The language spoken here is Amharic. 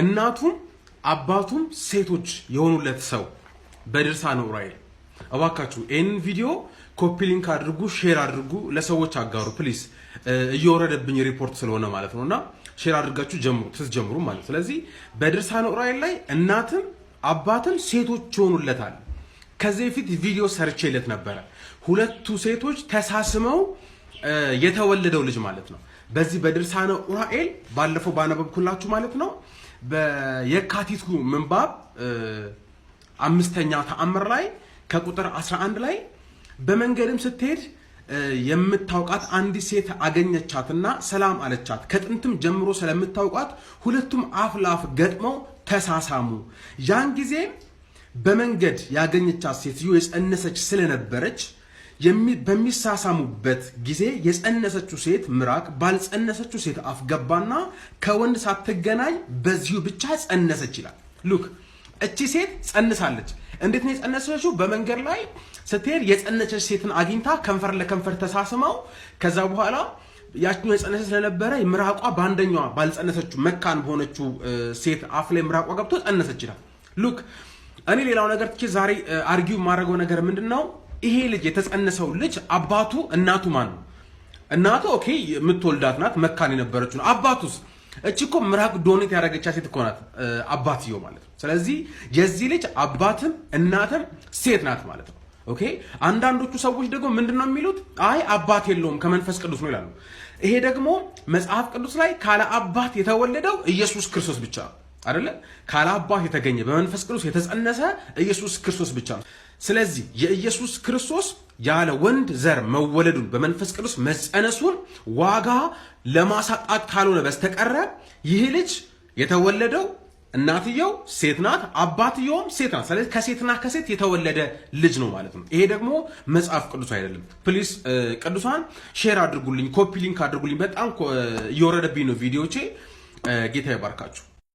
እናቱም አባቱም ሴቶች የሆኑለት ሰው በድርሳነ ኡራኤል እባካችሁ ይህንን ቪዲዮ ኮፒ ሊንክ አድርጉ፣ ሼር አድርጉ፣ ለሰዎች አጋሩ ፕሊስ። እየወረደብኝ ሪፖርት ስለሆነ ማለት ነው እና ሼር አድርጋችሁ ጀምሩ ስትጀምሩ ማለት ስለዚህ በድርሳነ ዑራኤል ላይ እናትም አባትም ሴቶች ይሆኑለታል። ከዚህ በፊት ቪዲዮ ሰርቼለት ነበረ። ሁለቱ ሴቶች ተሳስመው የተወለደው ልጅ ማለት ነው። በዚህ በድርሳነ ኡራኤል ባለፈው ባነበብኩላችሁ ማለት ነው በየካቲቱ ምንባብ አምስተኛ ተአምር ላይ ከቁጥር 11 ላይ በመንገድም ስትሄድ የምታውቃት አንዲት ሴት አገኘቻትና ሰላም አለቻት። ከጥንትም ጀምሮ ስለምታውቃት ሁለቱም አፍ ላፍ ገጥመው ተሳሳሙ። ያን ጊዜ በመንገድ ያገኘቻት ሴትዮ የጸነሰች ስለነበረች በሚሳሳሙበት ጊዜ የጸነሰችው ሴት ምራቅ ባልጸነሰችው ሴት አፍ ገባና ከወንድ ሳትገናኝ በዚሁ ብቻ ጸነሰች ይላል። ሉክ እቺ ሴት ጸንሳለች። እንዴት ነው የጸነሰችው? በመንገድ ላይ ስትሄድ የጸነሰች ሴትን አግኝታ ከንፈር ለከንፈር ተሳስመው ከዛ በኋላ ያችኛው የጸነሰ ስለነበረ ምራቋ በአንደኛዋ ባልጸነሰችው መካን በሆነችው ሴት አፍ ላይ ምራቋ ገብቶ ጸነሰች ይላል። ሉክ እኔ ሌላው ነገር ትቼ ዛሬ አርጊው የማደርገው ነገር ምንድን ነው ይሄ ልጅ የተጸነሰው ልጅ አባቱ እናቱ ማን ነው? እናቱ ኦኬ የምትወልዳት ናት፣ መካን የነበረችው ነው። አባቱስ? እቺ እኮ ምራቅ ዶኔት ያደረገቻት ሴት እኮ ናት፣ አባትየው ማለት ነው። ስለዚህ የዚህ ልጅ አባትም እናትም ሴት ናት ማለት ነው። ኦኬ አንዳንዶቹ ሰዎች ደግሞ ምንድን ነው የሚሉት? አይ አባት የለውም ከመንፈስ ቅዱስ ነው ይላሉ። ይሄ ደግሞ መጽሐፍ ቅዱስ ላይ ካለ አባት የተወለደው ኢየሱስ ክርስቶስ ብቻ አይደለም፣ ካለ አባት የተገኘ በመንፈስ ቅዱስ የተጸነሰ ኢየሱስ ክርስቶስ ብቻ ነው። ስለዚህ የኢየሱስ ክርስቶስ ያለ ወንድ ዘር መወለዱን በመንፈስ ቅዱስ መጸነሱን ዋጋ ለማሳጣት ካልሆነ በስተቀረ ይህ ልጅ የተወለደው እናትየው ሴት ናት፣ አባትየውም ሴት ናት። ስለዚህ ከሴትና ከሴት የተወለደ ልጅ ነው ማለት ነው። ይሄ ደግሞ መጽሐፍ ቅዱስ አይደለም። ፕሊስ ቅዱሳን ሼር አድርጉልኝ፣ ኮፒ ሊንክ አድርጉልኝ። በጣም እየወረደብኝ ነው ቪዲዮቼ። ጌታ ይባርካችሁ።